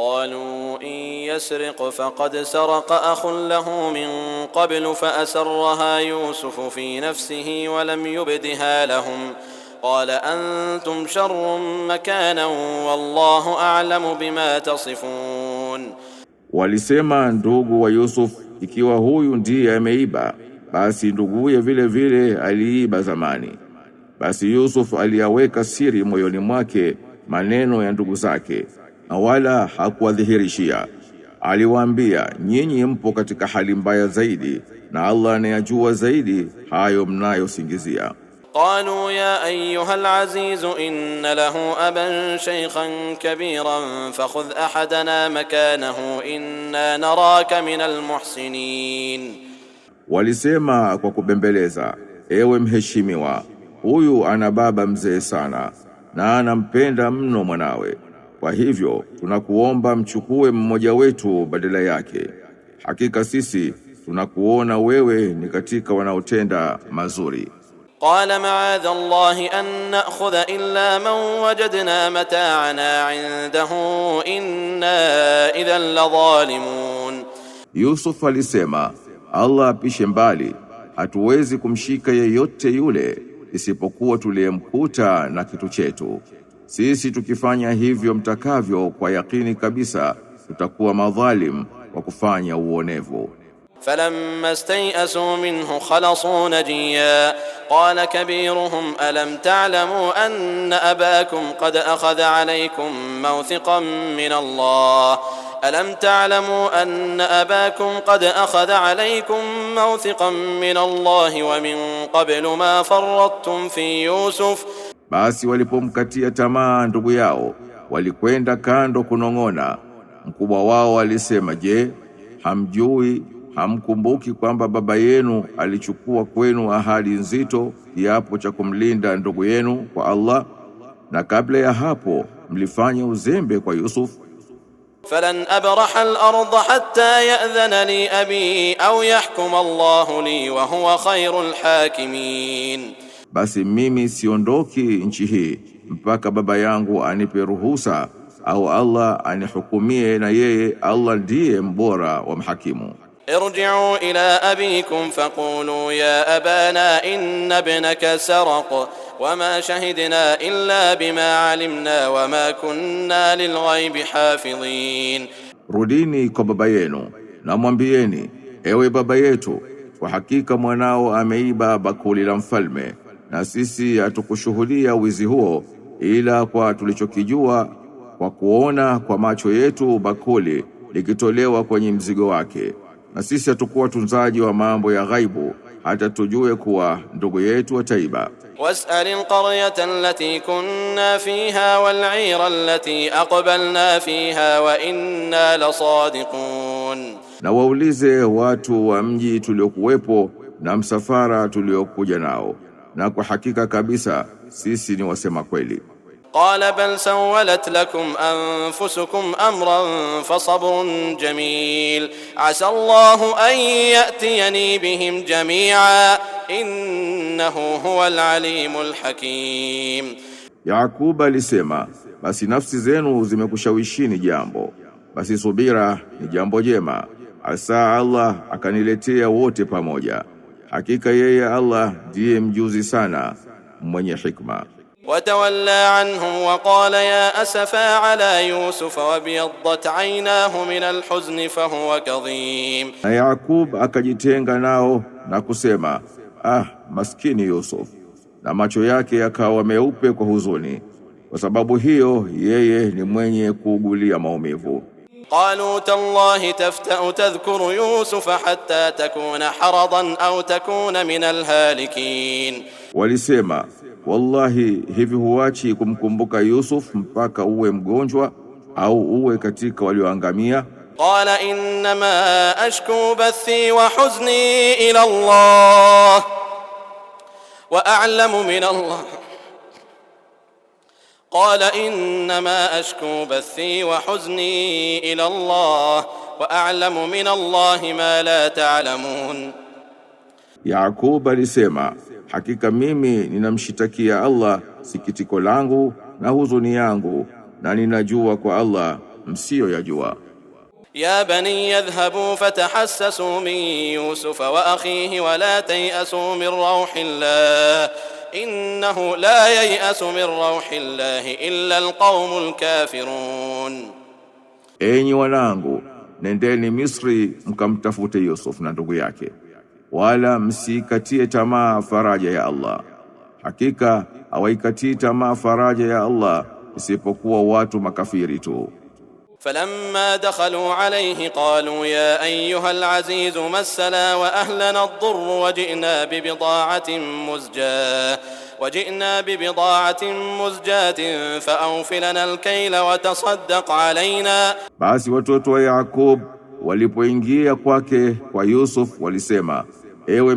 قالوا إن يسرق فقد سرق أخ له من قبل فأسرها يوسف في نفسه ولم يبدها لهم قال أنتم شر مكانا والله أعلم بما تصفون walisema ndugu wa Yusuf ikiwa huyu ndiye ameiba basi nduguye vile vile aliiba zamani basi Yusuf aliyaweka siri moyoni mwake maneno ya ndugu zake na wala hakuwadhihirishia. Aliwaambia, nyinyi mpo katika hali mbaya zaidi, na Allah anayajua zaidi hayo mnayosingizia. Qalu ya ayuha alaziz inna lahu aban shaykhan kabiran fakhudh ahadana makanahu inna naraka min almuhsinin, walisema kwa kubembeleza, ewe mheshimiwa, huyu ana baba mzee sana na anampenda mno mwanawe kwa hivyo tunakuomba mchukue mmoja wetu badala yake. Hakika sisi tunakuona wewe ni katika wanaotenda mazuri. Qala ma'adha Allahi an na'khudha illa man wajadna mata'ana 'indahu inna idhan la zalimun. Yusuf alisema Allah apishe mbali, hatuwezi kumshika yeyote yule isipokuwa tuliyemkuta na kitu chetu. Sisi tukifanya hivyo mtakavyo kwa yakini kabisa tutakuwa madhalim wa kufanya uonevu. فلما استيأسوا منه خلصوا نجيا قال كبيرهم ألم تعلموا أن أباكم قد أخذ عليكم موثقا من الله ألم تعلموا أن أباكم قد أخذ عليكم موثقا من الله ومن قبل ما فرطتم في يوسف Basi walipomkatia tamaa ndugu yao, walikwenda kando kunong'ona. Mkubwa wao alisema, je, hamjui hamkumbuki kwamba baba yenu alichukua kwenu ahadi nzito, kiapo cha kumlinda ndugu yenu kwa Allah, na kabla ya hapo mlifanya uzembe kwa Yusuf. falan abraha al ard hatta ya'dhana li abi au yahkum Allah li wa huwa khairul hakimin basi mimi siondoki nchi hii mpaka baba yangu anipe ruhusa au Allah anihukumie, na yeye Allah ndiye mbora wa mhakimu. Irji'u ila abikum faqulu ya abana inna ibnaka saraqa wama shahidna illa bima alimna wama kunna lilghaibi hafidhin, rudini kwa baba yenu na mwambieni, ewe baba yetu, kwa hakika mwanao ameiba bakuli la mfalme na sisi hatukushuhudia wizi huo ila kwa tulichokijua kwa kuona kwa macho yetu bakuli likitolewa kwenye mzigo wake, na sisi hatukuwa tunzaji wa mambo ya ghaibu hata tujue kuwa ndugu yetu wa taiba. was'al alqaryata allati kunna fiha wal'ira allati aqbalna fiha wa inna lasadiqun, na waulize watu wa mji tuliokuwepo na msafara tuliokuja nao na kwa hakika kabisa sisi ni wasema kweli. Qala bal sawalat lakum anfusukum amran fasabrun jamil asa Allahu an yatiyani bihim jamia innahu huwa alalimul hakim. Yaquba alisema basi nafsi zenu zimekushawishini jambo, basi subira ni jambo jema, asa Allah akaniletea wote pamoja Hakika yeye Allah ndiye mjuzi sana mwenye hikma. Watawalla anhum wa qala ya asafa ala yusuf wa biyaddat aynahu min alhuzn fa huwa kadhim, na Yaqub akajitenga nao na kusema ah, maskini Yusuf, na macho yake yakawa meupe kwa huzuni, kwa sababu hiyo yeye ni mwenye kuugulia maumivu. قالوا تالله تفتأ تذكر يوسف حتى تكون حرضا أو تكون من الهالكين ولسيما والله هيفي هواتي كمكمبوك يوسف مباكا أوه مغونجوا أو أوه كتيك وليوانغامية قال إنما أشكو بثي وحزني إلى الله وأعلم من الله قال إنما أشكو بثي وحزني إلى الله وأعلم من الله ما لا تعلمون يعقوب لسيما حقيقة ميمي ننمشتكي الله سكتك لانغو نهزني يانغو نانينا جوك الله مسيو يا جوا يا بني يذهبوا فتحسسوا من يوسف وأخيه ولا تيأسوا من روح الله إنه لا ييأس من روح الله illa alqaumul kafirun, enyi wanangu, nendeni Misri mkamtafute Yusuf na ndugu yake, wala msikatie tamaa faraja ya Allah. Hakika hawaikatii tamaa faraja ya Allah isipokuwa watu makafiri tu. فلما دخلوا عليه قالوا يا أيها العزيز مسنا وأهلنا الضر وجئنا ببضاعة مزجاة وجئنا ببضاعة مزجاة فأوفلنا الكيل وتصدق علينا بعث وتوتو يعقوب ولبوينجيا kwake kwa Yusuf walisema ewe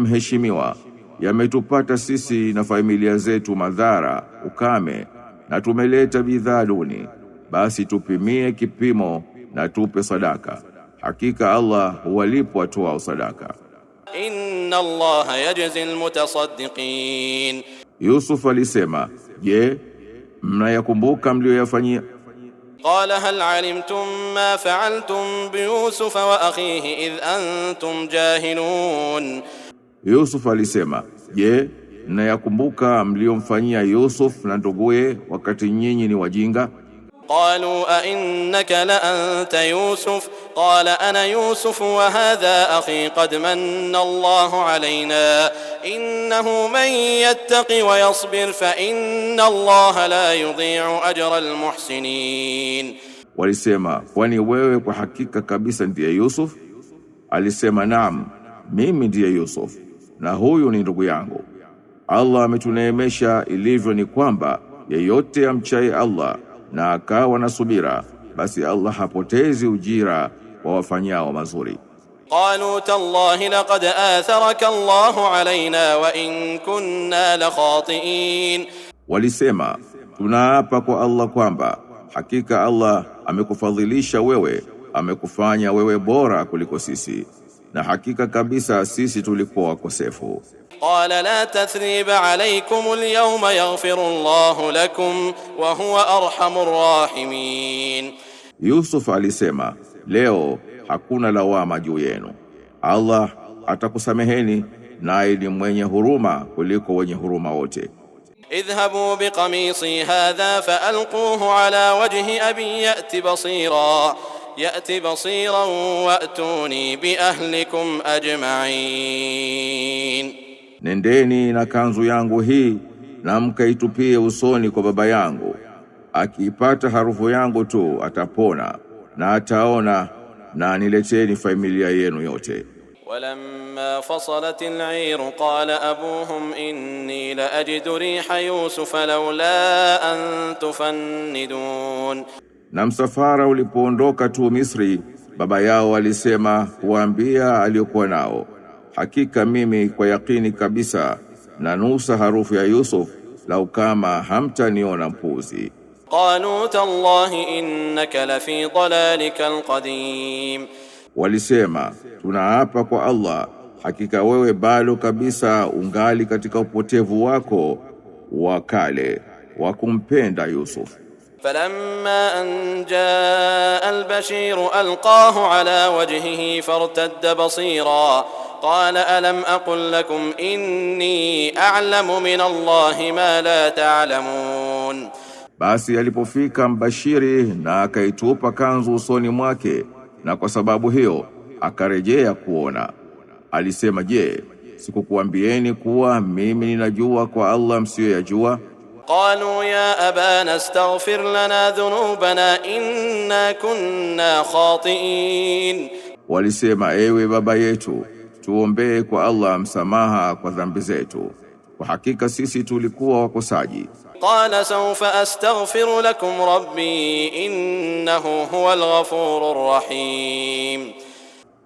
يا ميتو باتا سيسي familia zetu madhara ukame na tumeleta bidhaa duni basi tupimie kipimo na tupe sadaka. Hakika Allah huwalipa watoao sadaka. Inna Allah yajzi almutasaddiqin. Yusuf alisema, je, mnayakumbuka mliyoyafanyia? Qala hal alimtum ma fa'altum bi Yusuf wa akhihi idh antum jahilun. Yusuf alisema, je, mnayakumbuka mliyomfanyia Yusuf na nduguye wakati nyinyi ni wajinga? قالوا أئنك لأنت يوسف قال أنا يوسف وهذا أخي قد من الله علينا إنه من يتق ويصبر فإن الله لا يضيع أجر المحسنين ولسيما واني ويوي وحكيك كبيسا دي يوسف ألسيما نعم مين من دي يوسف نهو نرغي عنه الله متنمشا إليفني كوامبا يوتي أمشاي الله na akawa na subira, basi Allah hapotezi ujira wa wafanyao mazuri. Qalu tallahi laqad atharaka Allahu alayna wa in kunna khatiin, walisema tunaapa kwa Allah kwamba hakika Allah amekufadhilisha wewe, amekufanya wewe bora kuliko sisi na hakika kabisa sisi tulikuwa wakosefu. Qala la tathriba alaykum alyawma yaghfiru Allahu lakum wa huwa arhamur rahimin, Yusuf alisema leo hakuna lawama juu yenu, Allah atakusameheni naye ni mwenye huruma kuliko wenye huruma wote. Idhhabu biqamisi hadha faalquhu ala wajhi abi ya'ti basira يأتي بصيرا وأتوني بأهلكم أجمعين نندني نكانزو يانغو هي نامكا يتوبيه وصوني كو بابا يانغو أكي باتا حرفو يانغو تو أتابونا ناتاونا ناني لتيني فاميليا ينو يوتي ولما فصلت العير قال أبوهم إني لأجد ريح يوسف لولا أن تفندون Na msafara ulipoondoka tu Misri, baba yao alisema kuwaambia aliyokuwa nao, hakika mimi kwa yakini kabisa nanusa harufu ya Yusuf, lau kama hamtaniona mpuzi. Qalu tallahi innaka lafi dalalika alqadim, walisema tunaapa kwa Allah, hakika wewe bado kabisa ungali katika upotevu wako wa kale wa kumpenda Yusuf. فلما أن جاء البشير ألقاه على وجهه فارتد بصيرا قال ألم أقل لكم إني أعلم من الله ما لا تعلمون Basi alipofika mbashiri na akaitupa kanzu usoni mwake, na kwa sababu hiyo akarejea kuona. Alisema, je, sikukuambieni kuwa mimi ninajua kwa Allah msiyoyajua? قالوا يا أبانا استغفر لنا ذنوبنا inna kunna khatiin, walisema ewe baba yetu tuombee kwa Allah msamaha kwa dhambi zetu, kwa hakika sisi tulikuwa wakosaji. Qala sawfa astaghfiru lakum rabbi innahu huwal ghafurur rahim,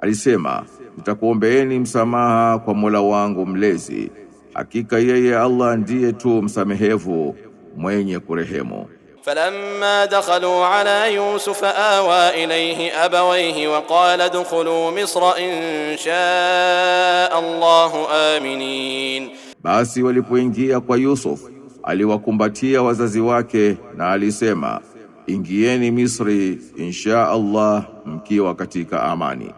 alisema nitakuombeeni msamaha kwa Mola wangu mlezi Hakika yeye Allah ndiye tu msamehevu mwenye kurehemu. Falamma dakhalu ala Yusuf awa ilayhi abawayhi wa qala dukhulu Misra in shaa Allah aminin, basi walipoingia kwa Yusuf aliwakumbatia wazazi wake na alisema ingieni Misri insha Allah mkiwa katika amani.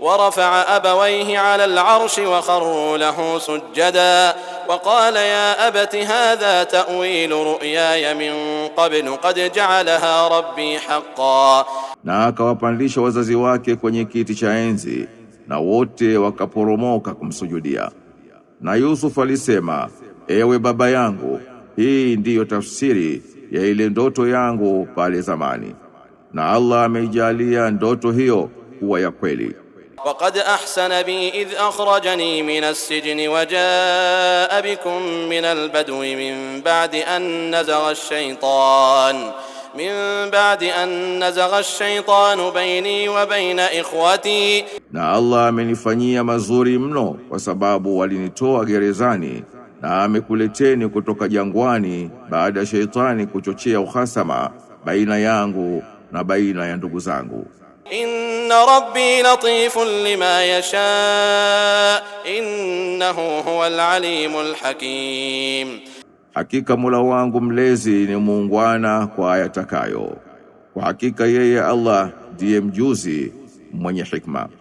ورفع أبويه على العرش وخروا له سجدا وقال يا أبت هذا تأويل رؤياي من قبل قد جعلها ربي حقا na akawapandisha wazazi wake kwenye kiti cha enzi na wote wakaporomoka kumsujudia na Yusuf alisema ewe baba yangu hii ndiyo tafsiri ya ile ndoto yangu pale zamani na Allah ameijalia ndoto hiyo kuwa ya kweli وقد أحسن بي إذ أخرجني من السجن وجاء بكم من البدو من بعد أن نزغ الشيطان من بعد أن نزغ الشيطان بيني وبين إخوتي نا الله من فني مزوري منو وسباب والنتو غيرزاني نا مكولتيني كتوك جانواني بعد شيطاني كتوشي أو خاسما بين يانغو na baina ya إن ربي لطيف لما يشاء إنه هو العليم الحكيم حقيقة ملوان ملزي نمونغوانا كوايا تكايو وحقيقة يا الله ديم جوزي من حكمه